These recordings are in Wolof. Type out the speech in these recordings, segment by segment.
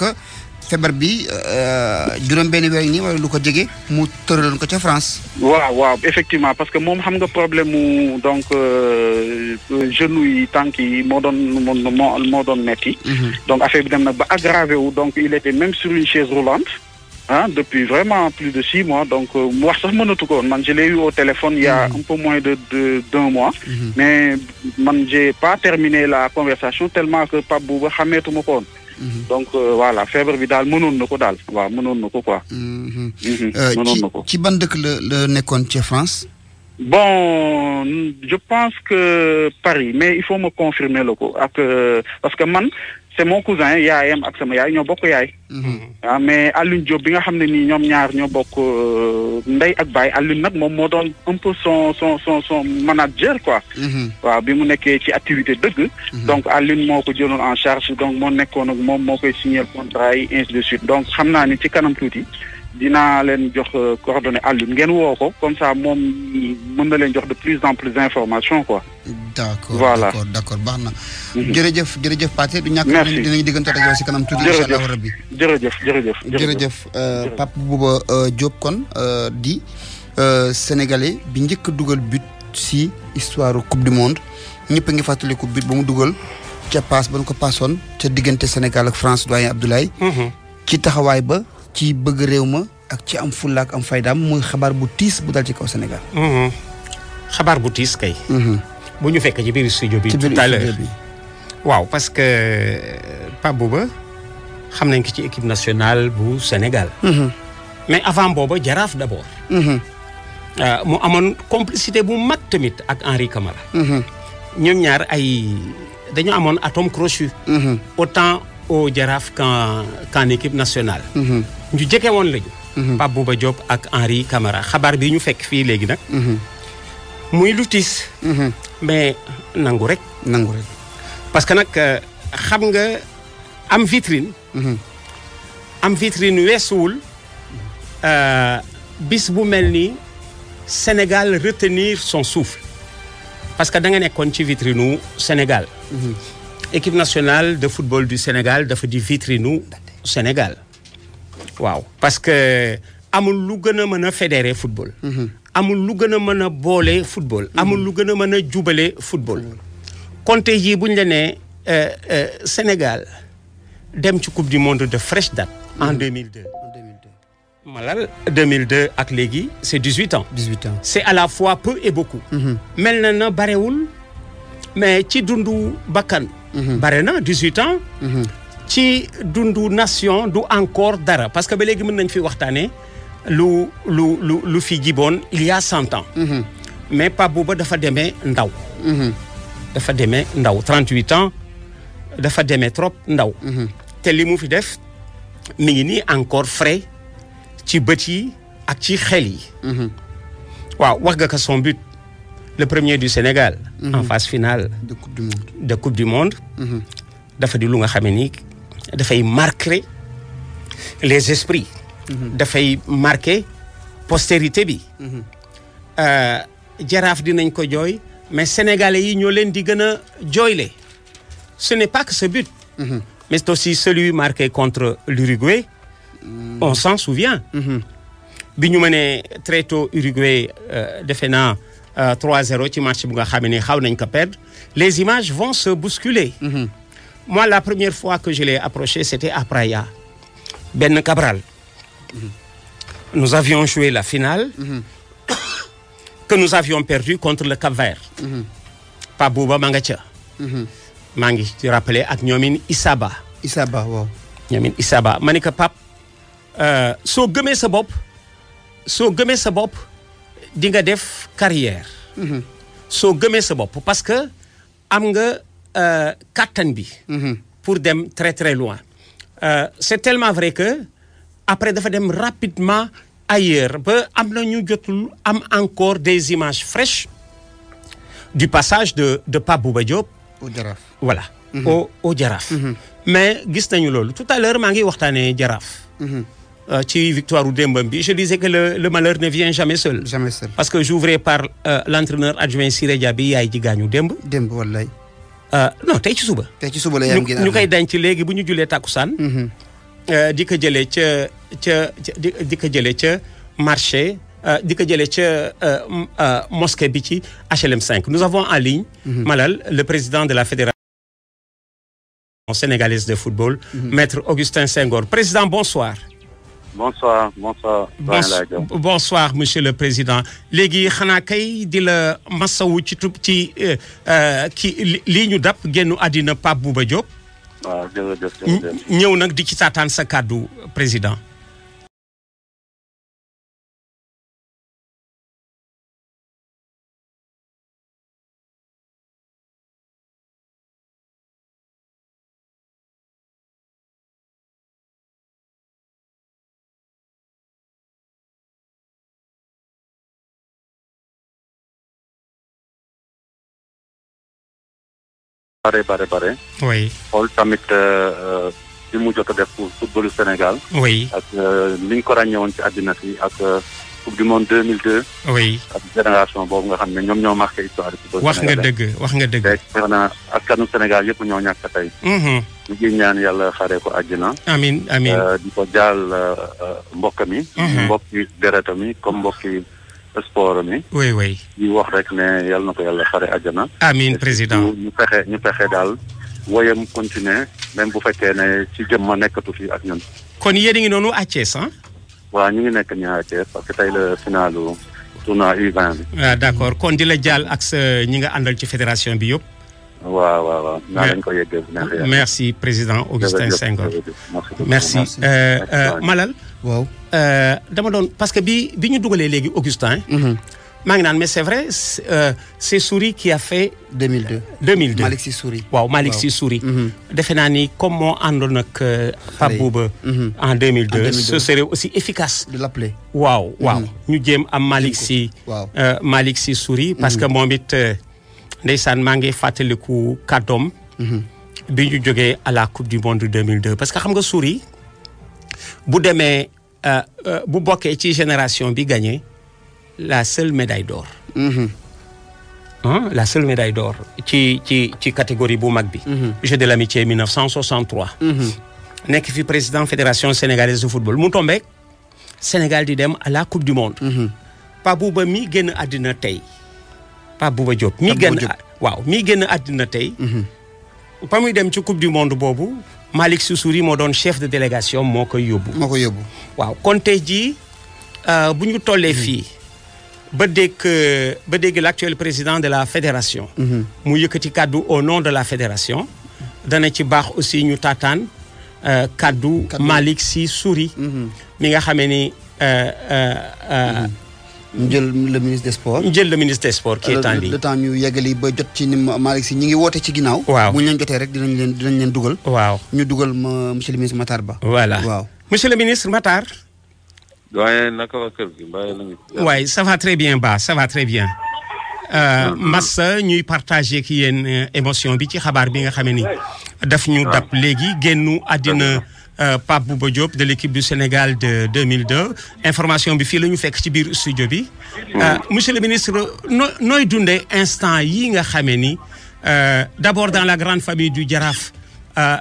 que feebar bi euh, juróom benn weer nii wala lu ko jege mu tëraloon ko France. waaw waaw effectivement parce que moom xam nga problème mu donc euh, genou yi tànk yi moo doon moo moo doon metti mhm. donc affaire bi dem na ba aggravé wu donc il était même sur une chaise roulante. depuis vraiment plus de six mois donc euh, mu wax sax mënatu ko man je l'ai eu au téléphone il a mhm. un peu moins de d'un mois. Mhm. mais man j'ai pas terminé la conversation tellement que Pape Bouba xameetuma ko Mhm. donc euh, voilà feebar bi daal mënoon na ko daal. waaw mënoon na ko quoi. Mhm. Mhm. Euh, na ko ci ban dëkk la la nekkoon ci France. bon je pense que Paris mais il faut me confirmer la ko ak euh, parce que man. c'est mon cousin yaayam ak sama yaay ñoo bokk yaay. waaw mhm. ah, mais Alioune Diop bi nga xam ne nii ñoom ñaar ñoo bokk euh, ndey ak baay Alioune nag moom moo doon un peu son son son son manager quoi. Mhm. waaw bi mu nekkee ci activité dëgg. Mhm. donc Alioune moo ko jëloon en charge donc moo nekkoon ak moom moo koy signer contrat yi ainsi de suite donc xam naa ni ci kanam tuuti. dinaa leen jox euh, coordonnées Alioune ngeen woo ko comme ça moom mën na leen jox de plus en plus information quoi. d'accord voilà d'accord baax na. Mhm. jërëjëf jërëjëf Pathé du ñàkk. merci dinañ diggante ak yow si kanam tuuti. jërëjëf incha allah rabbi jërëjëf jërëjëf. jërëjëf euh, Pape Bouba euh, Diop kon di sénégalais bi njëkk a dugal but si histoire coupe du monde ñëpp a ngi fàttaliku but ba mu dugal ca paas ba nu ko paasoon ca diggante Sénégal ak France doyen Abdoulaye. Mhm. ci taxawaay ba. ci bëgg réew ma ak ci am fulla ak am faydaam muy xabaar bu tiis bu dal ci kaw Sénégal. Mm-hmm. xabaar bu tiis kay. Mm-hmm. bu ñu fekk ci biir studio bi. ci biir studio waaw parce que euh, Pape Bouba xam nañ ko ci équipe nationale bu Sénégal. Mm-hmm. mais avant booba jaraaf d' abord. Euh, mu amoon complicité bu mag tamit ak Henri Camara. ñoom ñaar ay dañu amoon atome crochu. autant o Jaraaf qu'en qu'en équipe nationale. Mhm. ñu jege woon lañu. Mhm. Pape Bouba Diop ak Henri Camara xabaar bi ñu fekk fii léegi nag. Mhm. muy lu tiis. mais nangu rek. nangu rek parce que nag euh, xam nga am vitrine. am vitrine weesuwul euh, bis bu mel ni Sénégal retenir son souffle parce que da nga nekkoon ci vitrine Sénégal. équipe nationale de football du Sénégal dafa di vitrinu Sénégal waaw parce que amul lu gën a mën a fédérer football. Mhm. amul lu gën a mën a boole football. Mhm. amul lu gën a mën a jubale football. compté yi bu ñu la nee euh, euh, Sénégal dem ci coupe du monde de fraîche date. en 2002. Mhm. malal 2002 ak léegi c' est 18 ans. 18 ans c' est à la fois peu et beaucoup. mel na na barewul. mais ci dundu bakkan mhm. bare na 18 ans mhm. ci dundu nation du encore dara parce que ba léegi mën nañ fi waxtaane lu lu lu lu fi jiboon il y cent ans mhm. mais Pape Bouba dafa demee ndaw dafa deme ndaw 38 ans dafa demee trop ndaw te li mu fi def mi ngi nii encore frais ci bët yi ak ci xel yi waaw wax nga ko son but le premier du Sénégal. en mhm. phase finale. de coupe du monde de coupe mhm. dafa di lu nga xam ne nii dafay marquer les esprits. Mhm. dafay marquer postérité bi. Euh, jaraaf dinañ ko jooy mais sénégalais yi ñoo leen di gën a jooyle ce n'est pas que ce but. mais aussi celui marqué contre l'Uruguay on s'en souvient. bi ñu mënee très tôt Uruguay euh, defe naa. 3-0 ci match bu nga xam ne xaw nañ ko perdre les images von se bousculer. Mm -hmm. moi la première fois que je l'ai approché c'était à Praia. Ben Cabral. Mhm. avions joué la finale. Mhm. que nous avions perdu contre le Cap-Vert. Mhm. Pape Bouba ma nga ca. maa ngi ci rappelé ak ñoomin Isaba. Isaba waaw. ñoomin Isaba ma ne ko Pape euh, gëmee sa bopp soo sa bopp. di nga def carrière. Mhm. soo gëmee sa bopp parce que am nga euh, kàttan bi. Mhm. pour dem très très loin. Euh, c'est tellement vrai que après dafa dem rapidement ailleurs ba am na ñu jotul am encore des images fraîches du passage de de Pape ba Diop. au Jaraaf voilà. Mhm. mais gis nañu loolu tout à l'heure maa ngi waxtaanee Jaraaf. Euh, ci victoire u démbam bi je disais que le, malheur ne vient jamais seul. jamais seul parce que j'ouvrais par euh, l'entraîneur adjoint Siré Dia bi yaay ji gaañu démb. démb wallaay. Euh, non tey ci suba. tey ci suba la yaayam ñu koy denc léegi bu ñu julee takkusaan. Mhm. Euh, di ko jëlee ca ca di ko jëlee ca marché di ko jëlee ca mosquée bi ci HLM 5 nous avons en ligne. Mhm. Malal le président de la fédération sénégalaise de football. Mhm. maître Augustin Senghor président bonsoir. bonsoir bonsoir. bonsoir monsieur le président léegi xanaa kay di la masawu ci tub ci euh, euh, ki lii ñu dab génnu àddina Pape Bouba Diop. waaw ñëw nag di ci taataan sa kàddu président. bare bare bare. oui xool tamit li euh, euh, mu jot a def pour footballu Sénégal. oui ak euh, ni ñu ko ràññeewoon ci àddina si ak coupe du monde deux mille deux. oui ak génération boobu nga xam ne ñoom ñoo marqué histoire bi. wax nga dëgg wax nga dëgg. tey xanaa askanu Sénégal yëpp ñoo ñàkk tey. Mm-hmm. ñu ngi ñaan yàlla xaaree ko àjjana. amiin amiin di ko jaal mbokk mi. Mm-hmm. mbokki deretam mi comme mbokki. sport mi. oui oui. di wax rek ne yal na ko yàlla xare àjjana. amiin président ñu fexe ñu fexe daal woyam continuer même bu fekkee ne ci jëmma nekkatu fi ak ñun. kon yéen a ngi noonu à Thiès ah. waaw ñu ngi nekk nii à parce que tey la finalu tournoi U20 bi. waaw ah, d' accord kon di la jàll ak sa ñi nga àndal ci fédération bi yëpp. waaw waaw waaw président Augustin Senghor merci euh, euh, Malal. Euh, dama doon parce que bi bi ñu dugalee léegi Augustin. Mhm. maa ngi naan mais c'est vrai c'est Souris qui a fait. 2002 2002 Malick Sy Souris. waaw Malick si Souris. Mhm. defe naa ni comme moo àndoon nag Pape Bouba. Mhm. en 2002 ce serait aussi efficace. de l'appeler waaw ñu jéem am Malick si waaw Malick Sy Souris parce que moom it. ndeysaan maa ngi fàttaliku kàddoom mhm. bi ñu jógee à la coupe du monde 2002 parce que xam nga Souris bu demee euh, euh, bu bokkee ci génération bi gagné la seule médaille d'or mhm. la seule médaille d'or ci ci ci catégorie bu mag bi mhm. jeu de l'amitié 1963 nekk fi président fédération sénégalaise de football mu tombé Sénégal di dem à la coupe du monde ba mi génn àddina tey Pape Bouba Diop mi waaw mi génn àddina tey ba mhm. muy dem ci coupe du monde boobu Malick Soussouris moo doon chef de délégation moo koy yóbbu moo koy yóbbu waaw kon tey jii euh, bu ñu tollee mhm. fii ba dégg ba dégg l'actuel président de la fédération mhm. mu yëkkati kàddu au nom de la fédération dana ci baax aussi ñu taataan euh, kàddu Malick si Souris mi nga xamee ni euh, ñu jël le ministre des sports. jël le ministre des sports qui est en le temps ñu yeggali ba jot ci ni Malick si ñu ngi woote ci ginnaaw. waaw bu ñu leen jotee rek dinañ leen dinañ dugal. waaw ñu dugal ma monsieur le ministre Matar Ba. voilà waaw monsieur le ministre Matar. doyen naka waa va très bien Ba ça va très bien. Euh, hmm. Massa ñuy partagé ki yéen euh, émotion bi ci xabaar bi nga xamee ni daf ñu dab léegi génnu àddina Euh, Pape Bouba Diop de l' équipe du Sénégal de information bi fii la ñu fekk ci biir studio bi. Euh, monsieur le ministre noo nooy dundee instant yi nga xamee ni euh, d' abord dans la grande famille du Jaraaf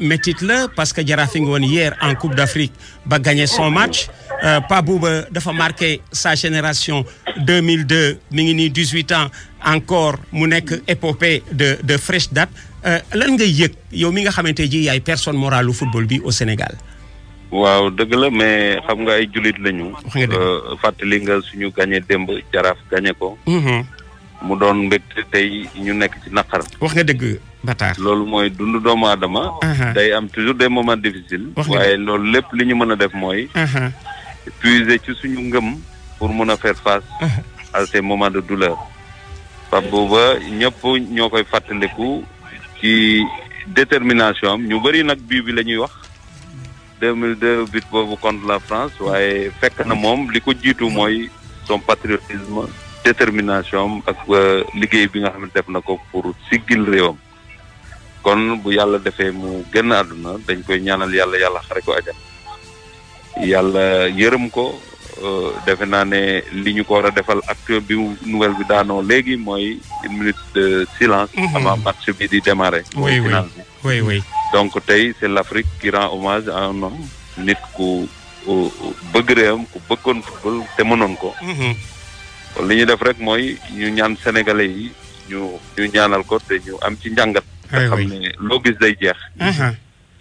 métit la parce que Jaraaf yi nga woon hier en Coupe d' Afrique ba gagné son match Pape Bouba dafa marqué sa génération 2002 mi ngi nii 18 ans encore mu nekk épopée de de fraîche date. Euh, lan ngay yëg yow mi nga xamante ji yaay personne moralu football bi au Sénégal. waaw dëgg la mais xam nga ay jullit lañu. Euh, fàttali nga suñu gagné démb jaraaf gagné ko. Mhm. mu doon mbégte tey ñu nekk ci naqar. wax nga dëgg Bataar. loolu mooy dundu doomu aadama. day am toujours des moments difficiles. waaye loolu lépp li ñu mën a def mooy. puiser ci suñu ngëm pour mën a faire face. à ces moments de douleur. parce que booba ñëpp ñoo koy fàttaliku. ci détermination am ñu bëri nag bii bi la ñuy wax deux mille deux but boobu contre la France waaye fekk na moom li ko jiitu mooy son patriotisme détermination am ak euh, liggéey bi nga xam def na ko pour siggil réewam kon bu yàlla defee mu genn àdduna dañ koy ñaanal yàlla yàlla xare ko ajal yàlla yërëm ko Euh, defe naa ne li ñu ko war a defal acteur bi mu nouvelle bi daanoo léegi mooy une minute de silence. Mhm. avant match bi di démarrer. mooy final donc tey c'est l'Afrique qui rend hommage à un homme nit ku bëgg ku bëggoon football te mënoon ko. Mhm. li ñu def rek mooy ñu ñaan sénégalais yi ñu ñu ñaanal ko te ñu am ci njàngat. loo gis day jeex. Mhm.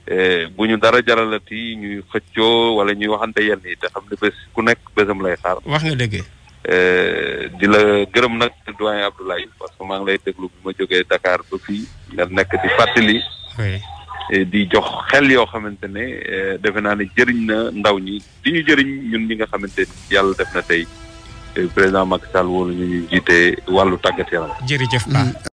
Eh, bu ñu dara jaralati ñuy xëccoo wala ñuy waxante yenn yi te xam ne bés ku nekk bésam lay xaar. wax nga dëgg. Eh, di la gërëm nag doyen Abdoulaye parce que maa ngi lay déglu bu ma jógee dakaar ba fii nga nekk di fàttali. Eh, di jox xel yoo xamante ne defe naa ne jëriñ na ndaw ñi di ñu jëriñ ñun ñi nga xamante yàlla def na tey président Macky Sall wóolu ñu ñu jiite wàllu tàggat yaram. jërëjëf Ba. Mm,